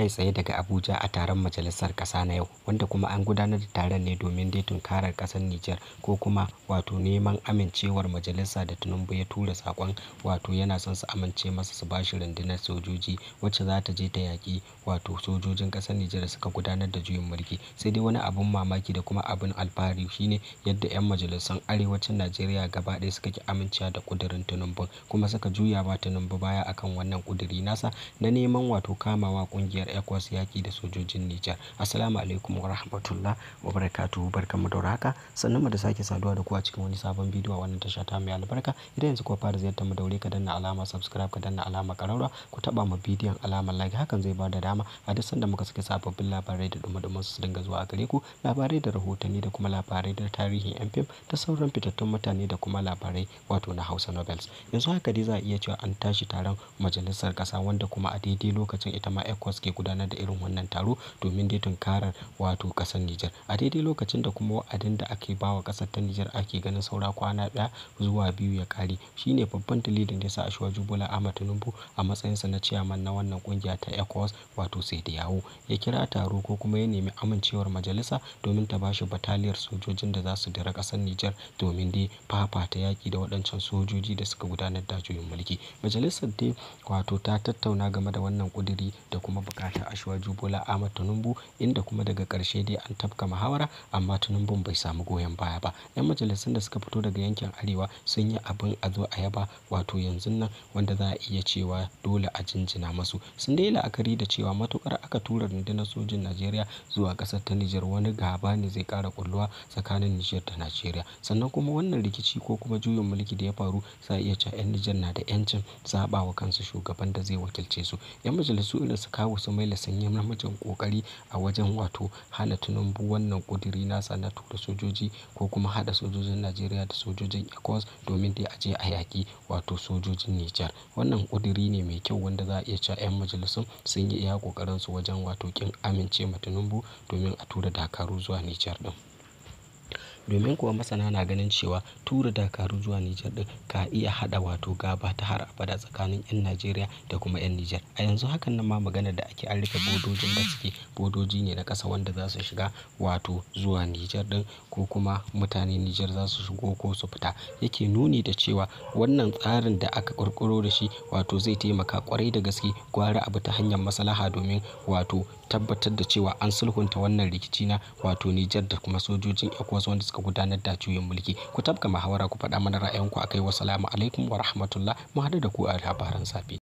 kai tsaye daga Abuja a taron majalisar ƙasa na yau, wanda kuma an gudanar da taron ne domin dai tunkarar kasar Nijar ko kuma wato neman amincewar majalisa da tunumbu ya tura saƙon wato yana son su amince masa su bashi rundunar sojoji wacce za ta je ta yaƙi wato sojojin kasar Nijar suka gudanar da juyin mulki. Sai dai wani abun mamaki da kuma abin alfahari shine yadda 'yan majalisan arewacin Najeriya gaba ɗaya suka ki amincewa da ƙudurin Tinubu kuma suka juya wa Tinubu baya akan wannan ƙuduri nasa na neman wato kamawa ƙungiyar ƙungiyar ECOWAS yaƙi da sojojin Nijar. Assalamu alaikum wa rahmatullah wa barakatuhu barkamu da haka, Sannan mu da sake saduwa da ku a cikin wani sabon bidiyo a wannan tasha ta mai albarka. Idan yanzu kuwa fara ziyartar mu daure ka danna alama subscribe ka danna alama ƙararwa ku taba ma bidiyon alamar like hakan zai ba da dama a duk sanda muka saki sababbin labarai da dumadumin su dinga zuwa a gare ku labarai da rahotanni da kuma labarai da tarihin yan fim da sauran fitattun mutane da kuma labarai wato na Hausa Novels. Yanzu haka dai za a iya cewa an tashi taron majalisar kasa wanda kuma a daidai lokacin ita ma ECOWAS ke gudanar da irin wannan taro domin dai tunkarar wato kasar Nijar. A daidai lokacin da kuma wa'adin da ake ba wa ƙasar ta Nijar ake ganin saura kwana ɗaya zuwa biyu ya kare shine babban dalilin da ya sa Asiwaju Bola ahmad Tinubu a matsayinsa na ciyaman na wannan kungiya ta ECOWAS wato sai da yawo ya kira taro ko kuma ya nemi amincewar majalisa domin ta bashi bataliyar sojojin da za su dira kasar Nijar domin dai fafata yaki da wadancan sojoji da suka gudanar da juyin mulki. Majalisar dai wato ta tattauna game da wannan kudiri da kuma buƙatar ta Ashwaju Bola Ahmad Tinubu inda kuma daga karshe dai an tafka muhawara amma Tinubu bai samu goyon baya ba. 'Yan majalisun da suka fito daga yankin Arewa sun yi abin a zo a yaba wato yanzu nan wanda za a iya cewa dole a jinjina masu. Sun dai la'akari da cewa matukar aka tura rundunar sojin Najeriya zuwa ƙasar ta Nijar wani gaba ne zai kara ƙulluwa tsakanin Nijar da Najeriya. Sannan kuma wannan rikici ko kuma juyin mulki da ya faru za a iya cewa 'yan Nijar na da 'yancin zaɓa kansu shugaban da zai wakilce su. 'Yan majalisu irin su Kawu su sanyi Sanye namijin kokari a wajen wato hana tunumbu wannan kudiri nasa na tura sojoji ko kuma hada sojojin Najeriya da sojojin ecos domin dai aje a yaki wato sojojin Nijar. Wannan kudiri ne mai kyau wanda za a iya cewa 'yan majalisun sun yi iya su wajen wato kin amince ma Tinubu domin a tura dakaru zuwa Nijar ɗin. Domin kuwa masana na ganin cewa tura dakaru zuwa Nijar din ka iya hada wato gaba ta har abada tsakanin 'yan Najeriya da kuma 'yan Nijar. A yanzu hakan nan ma magana da ake an rike bodojin da suke bodoji ne na kasa wanda za su shiga wato zuwa Nijar din ko kuma mutane Nijar za su shigo ko su fita. Yake nuni da cewa wannan tsarin da aka kurkuro da shi wato zai taimaka kwarai da gaske gwara abu ta hanyar maslaha domin wato tabbatar da cewa an sulhunta wannan rikici na wato Nijar da kuma sojojin ECOWAS wanda. suka gudanar da juyin mulki ku tabka muhawara ku faɗa mana ra'ayinku akai wasalamu alaikum wa rahmatullah mu hada da ku a labaran safe